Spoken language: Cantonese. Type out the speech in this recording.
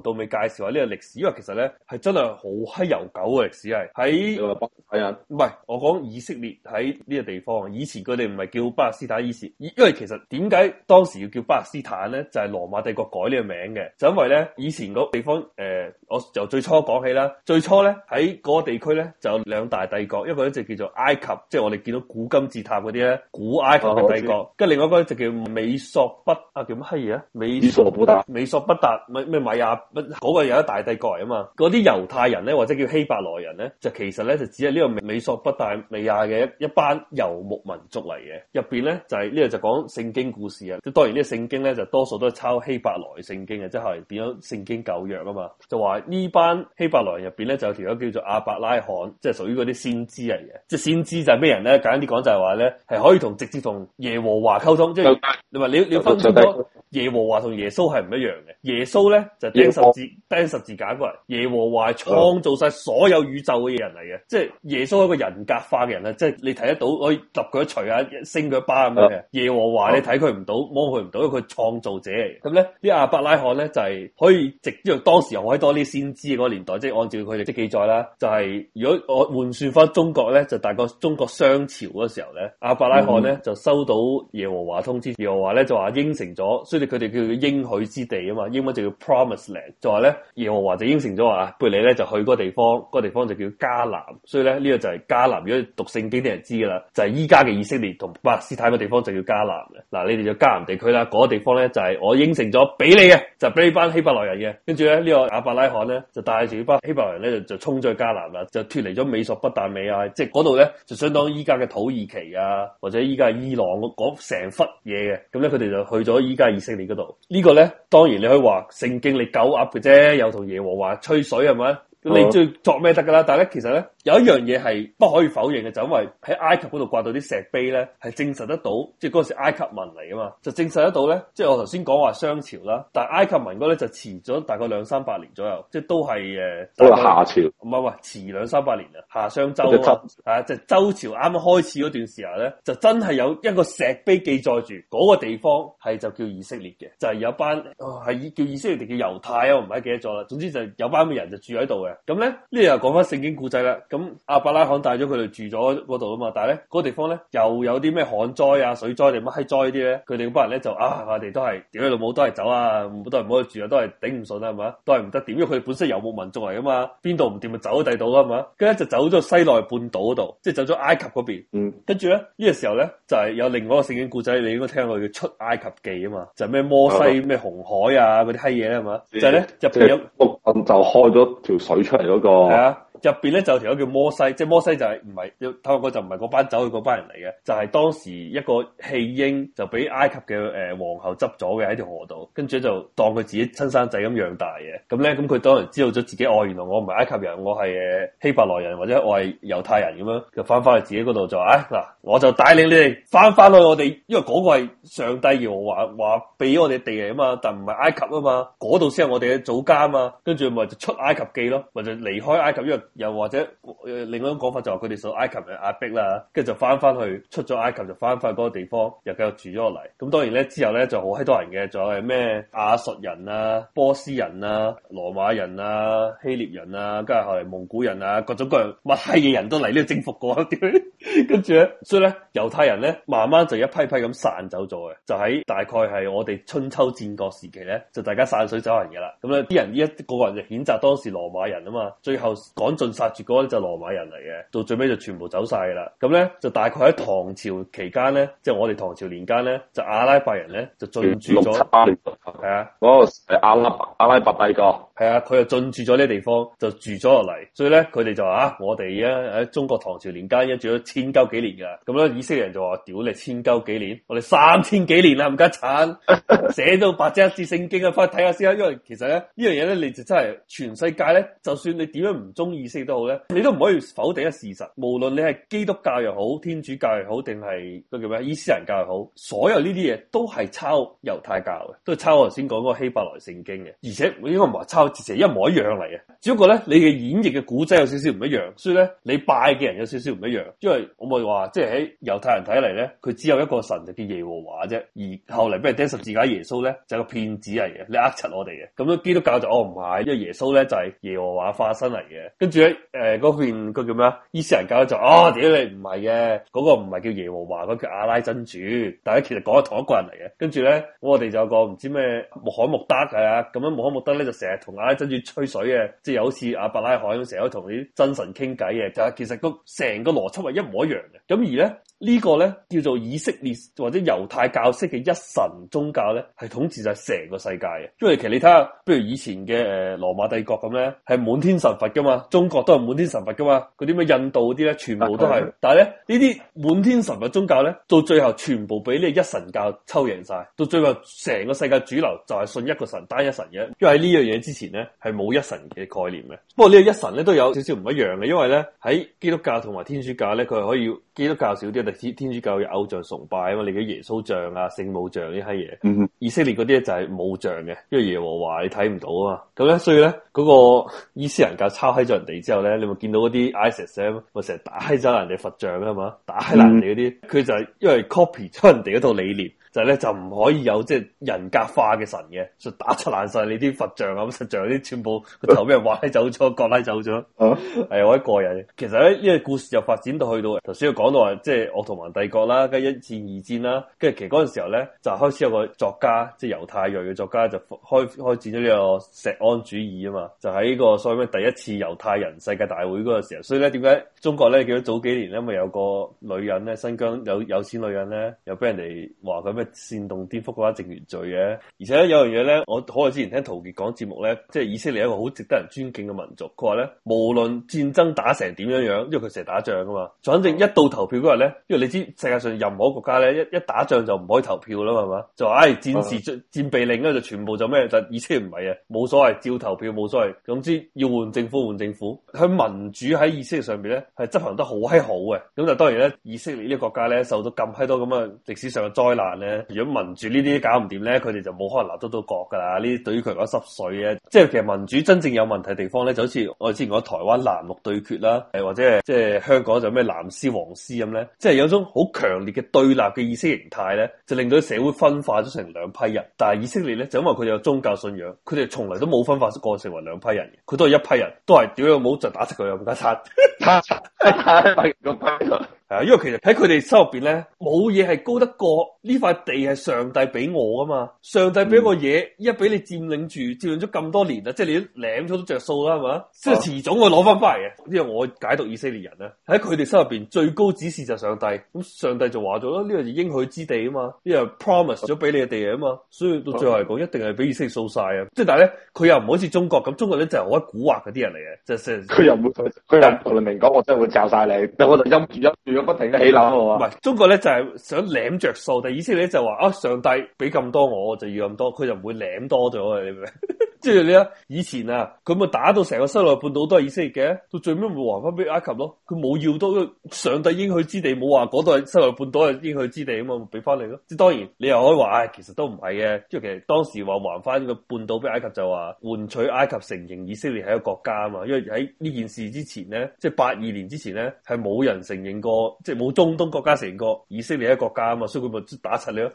到尾介紹下呢個歷史，因為其實咧係真係好黑悠久嘅歷史係喺係啊，唔係我講以色列喺呢個地方，以前佢哋唔係叫巴勒斯坦以前，因為其實點解當時要叫巴勒斯坦咧，就係、是、羅馬帝國改呢個名嘅，就因為咧以前嗰地方誒、呃，我就最初講起啦，最初咧喺嗰個地區咧就有兩大帝國，一個咧就叫做埃及，即係我哋見到古金字塔嗰啲咧，古埃及嘅帝國，跟住、哦、另外一個就叫美索不啊叫乜閪嘢啊？美索不達美索不達咩咩米亞。嗰個有一大帝國嚟啊嘛，嗰啲猶太人咧或者叫希伯來人咧，就其實咧就只係呢個美索不達米亞嘅一班游牧民族嚟嘅，入邊咧就係呢個就講聖經故事啊，即係當然呢個聖經咧就多數都係抄希伯來聖經嘅，即係變咗聖經舊約啊嘛，就話呢班希伯來人入邊咧就有條友叫做亞伯拉罕，即係屬於嗰啲先知嚟嘅，即係先知就係咩人咧？簡，簡單啲講就係話咧係可以同直接同耶和華溝通，即係你唔你你分清楚耶和華同耶穌係唔一樣嘅，耶穌咧就是。就是十字帶十字架嗰人，耶和華係創造曬所有宇宙嘅人嚟嘅，即係耶穌係一個人格化嘅人啦，即係你睇得到可以揼佢一鎚啊、升佢一巴咁樣嘅，耶和華你睇佢唔到，摸佢唔到，因為佢創造者嚟。咁咧啲亞伯拉罕咧就係、是、可以直接當時海多啲先知嗰個年代，即、就、係、是、按照佢哋嘅記載啦，就係、是、如果我換算翻中國咧，就大概中國商朝嗰時候咧，亞伯拉罕咧、嗯嗯、就收到耶和華通知，耶和華咧就話應承咗，所以佢哋叫應許之地啊嘛，英文就叫 promise 就話咧，耶和華就應承咗話，貝你咧就去個地方，那個地方就叫迦南，所以咧呢個就係迦南。如果讀聖經啲人知噶啦，就係依家嘅以色列同巴斯坦嘅地方就叫迦南嘅。嗱，你哋就迦南地區啦，嗰、那個地方咧就係我應承咗俾你嘅，就俾、是、你班希伯來人嘅。跟住咧呢、這個亞伯拉罕咧就帶住班希伯來人咧就就衝咗去迦南啦，就脫離咗美索不達米亞，即係嗰度咧就相當於依家嘅土耳其啊或者依家伊朗嗰成忽嘢嘅。咁咧佢哋就去咗依家以色列嗰度。這個、呢個咧當然你可以話聖經你舊。好 up 嘅啫，又同耶和華吹水係咪咁，你最作咩得噶啦？但係咧，其實咧。有一樣嘢係不可以否認嘅，就是、因為喺埃及嗰度掛到啲石碑咧，係證實得到，即係嗰時埃及文嚟㗎嘛，就證實得到咧。即係我頭先講話商朝啦，但係埃及文嗰咧就遲咗大概兩三百年左右，即係都係誒，都係夏朝，唔係喂，遲兩三百年啊，夏商周啊，係啊，就是、周朝啱啱開始嗰段時候咧，就真係有一個石碑記載住嗰、那個地方係就叫以色列嘅，就係、是、有班係、啊、叫以色列定叫猶太啊，我唔係記得咗啦。總之就有班嘅人就住喺度嘅，咁咧呢又講翻聖經古仔啦。咁阿伯拉罕帶咗佢哋住咗嗰度啊嘛，但係咧嗰個地方咧又有啲咩旱災啊、水災定乜閪災啲咧？佢哋嗰班人咧就啊，我哋，啊、都係屌你老母，都係走啊，唔好多人唔好住啊，都係頂唔順啊，係嘛，都係唔得點，因為佢哋本身游牧民族嚟噶嘛，邊度唔掂咪走第度咯，係嘛，跟住就走咗西奈半島嗰度，即係走咗埃及嗰邊。嗯，跟住咧呢個時候咧就係有另外一個聖經故仔，你應該聽過叫《出埃及記》啊嘛，就係咩摩西咩 紅海啊嗰啲閪嘢咧，係嘛，就係咧入劈咗，就開咗條水出嚟嗰、嗰個。對 入邊咧就有條友叫摩西，即係摩西就係唔係有睇落就唔係嗰班走去嗰班人嚟嘅，就係、是、當時一個棄嬰，就俾埃及嘅誒皇后執咗嘅喺條河度，跟住就當佢自己親生仔咁養大嘅。咁咧咁佢當然知道咗自己哦，原來我唔係埃及人，我係希伯來人或者我係猶太人咁樣，就翻返去自己嗰度做。哎、啊、嗱，我就帶領你哋翻返去我哋，因為嗰個係上帝要我話話俾我哋地嚟啊嘛，但唔係埃及啊嘛，嗰度先係我哋嘅祖家啊嘛，跟住咪就出埃及記咯，或者離開埃及，因為。又或者另外一種講法就係佢哋受埃及嘅壓迫啦，跟住就翻翻去出咗埃及，就翻翻去嗰個地方，又繼續住咗落嚟。咁當然咧，之後咧就好閪多人嘅，仲有係咩亞述人啊、波斯人啊、羅馬人啊、希臘人啊，跟住後嚟蒙古人啊，各種各樣乜閪嘅人都嚟呢度征服過。屌，跟住咧，所以咧，猶太人咧，慢慢就一批批咁散走咗嘅，就喺大概係我哋春秋戰國時期咧，就大家散水走人嘅啦。咁咧，啲人呢，一個人，人就譴責當時羅馬人啊嘛，最後趕。進殺住嗰個咧就羅馬人嚟嘅，到最尾就全部走晒噶啦。咁咧就大概喺唐朝期間咧，即、就、係、是、我哋唐朝年間咧，就阿拉伯人咧就進駐咗。六七百年，係啊，嗰個係阿拉伯阿拉伯帝國，係啊，佢就進駐咗呢個地方，就住咗落嚟。所以咧，佢哋就話啊，我哋啊，喺中國唐朝年間，已經住咗千鳩幾年噶。咁咧，以色列人就話，屌你千鳩幾年，我哋三千幾年啦，唔得慘，寫 到百一至聖經啊，翻去睇下先啦。因為其實咧呢樣嘢咧，你、這個、就真係全世界咧，就算你點樣唔中意。都好咧，你都唔可以否定嘅事實。無論你係基督教又好，天主教又好，定係嗰叫咩伊斯蘭教又好，所有呢啲嘢都係抄猶太教嘅，都係抄我頭先講嗰個希伯來聖經嘅。而且我應該唔係抄，直程一模一樣嚟嘅，只不過咧你嘅演繹嘅古仔有少少唔一樣，所以咧你拜嘅人有少少唔一樣。因為我咪話，即係喺猶太人睇嚟咧，佢只有一個神就叫耶和華啫。而後嚟俾人釘十字架嘅耶穌咧，就係個騙子嚟嘅，你呃柒我哋嘅。咁樣基督教就哦唔係，因為耶穌咧就係耶和華化身嚟嘅，跟住。誒，嗰邊個叫咩伊斯蘭教就哦，屌、啊、你唔係嘅，嗰、嗰個唔係叫耶和華，嗰、嗰個、叫阿拉真主，但係其實講係同一個人嚟嘅。跟住咧，我哋就有個唔知咩穆罕默德係啊，咁樣穆罕默德咧就成日同阿拉真主吹水嘅、啊，即係好似阿伯拉罕咁成日同啲真神傾偈嘅，就係其實個成個邏輯係一模一樣嘅。咁而咧。個呢個咧叫做以色列或者猶太教式嘅一神宗教咧，係統治晒成個世界嘅。因為其實你睇下，不如以前嘅誒羅馬帝國咁咧，係滿天神佛㗎嘛，中國都係滿天神佛㗎嘛，嗰啲咩印度啲咧，全部都係。啊、但係咧呢啲滿天神佛宗教咧，到最後全部俾呢個一神教抽贏晒。到最後成個世界主流就係信一個神，單一神嘅。因為喺呢樣嘢之前咧，係冇一神嘅概念嘅。不過呢個一神咧都有少少唔一樣嘅，因為咧喺基督教同埋天主教咧，佢係可以基督教少啲。天主教嘅偶像崇拜啊嘛，你嘅耶穌像啊、聖母像呢啲嘢。嗯哼，以色列嗰啲咧就係冇像嘅，因為耶和華你睇唔到啊嘛。咁咧，所以咧，嗰、嗰個伊斯蘭教抄起咗人哋之後咧，你咪見到嗰啲 ISIS 咪成日打起咗人哋佛像啊嘛，打爛人哋嗰啲，佢、嗯、就係因為 copy 出人哋嗰套理念。就咧就唔可以有即係人格化嘅神嘅，就打出爛晒你啲佛像、像啊！咁實像啲全部個頭俾人拉走咗，割拉走咗。係我一個人。其實咧呢因為個故事就發展到去到頭先，佢講到話即係鄂圖曼帝國啦，跟一戰、二戰啦，跟住其實嗰陣時候咧就開始有個作家，即係猶太裔嘅作家就開開展咗呢個錫安主義啊嘛。就喺呢、這個所謂咩第一次猶太人世界大會嗰個時候，所以咧點解中國咧記得早幾年咧咪有個女人咧新疆有，有有錢女人咧又俾人哋話佢。煽動顛覆嘅話政權罪嘅，而且呢有樣嘢咧，我好耐之前聽陶傑講節目咧，即係以色列一個好值得人尊敬嘅民族。佢話咧，無論戰爭打成點樣樣，因為佢成日打仗噶嘛，反正一到投票嗰日咧，因為你知世界上任何國家咧，一一打仗就唔可以投票啦嘛，係嘛？就話唉、哎，戰時的戰備令咧就全部就咩？就以色列唔係啊，冇所謂，照投票冇所謂，總之要換政府換政府。佢民主喺以色列上邊咧，係執行得好閪好嘅。咁就當然咧，以色列呢個國家咧，受到咁閪多咁嘅歷史上嘅災難咧。如果民主呢啲搞唔掂咧，佢哋就冇可能立得到國噶啦。呢對於佢講濕碎嘅，即係其實民主真正有問題地方咧，就好似我哋之前講台灣藍綠對決啦，誒或者係即係香港就咩藍絲黃絲咁咧，即係有種好強烈嘅對立嘅意識形態咧，就令到社會分化咗成兩批人。但係以色列咧，就因為佢有宗教信仰，佢哋從來都冇分化過成為兩批人，佢都係一批人，都係屌又冇就打柒佢又唔得， 啊，因為其實喺佢哋心入邊咧，冇嘢係高得過呢塊地係上帝俾我噶嘛，上帝俾我嘢，依家俾你佔領住，佔領咗咁多年啦，即係你領著都舐咗都着數啦，係嘛，即係遲早我攞翻翻嚟嘅。因為我解讀以色列人咧，喺佢哋心入邊最高指示就上帝，咁上帝就話咗咯，呢個是應許之地啊嘛，呢個 promise 咗俾你嘅地啊嘛，所以到最後嚟講，一定係俾以色列掃晒啊！即係但係咧，佢又唔好似中國咁，中國咧就係好鬼蠱惑嗰啲人嚟嘅，即係佢又唔會佢又同你明講，我真係會罩晒你，我就陰住陰住。不停起樓喎，唔係中國咧就係想舐着數。但意思咧就話、是、啊，上帝俾咁多我，我就要咁多，佢就唔會舐多咗，你明？ 即係你啊！以前啊，佢咪打到成個西奈半島都係以色列嘅，到最尾咪還翻俾埃及咯。佢冇要到上帝應許之地，冇話嗰度係西奈半島係應許之地啊嘛，咪俾翻你咯。即係當然，你又可以話，唉、哎，其實都唔係嘅。即係其實當時話還翻個半島俾埃及，就話、是、換取埃及承認以色列係一個國家啊嘛。因為喺呢件事之前咧，即係八二年之前咧，係冇人承認過，即係冇中東國家承認過以色列係一個國家啊嘛，所以佢咪打實你咯。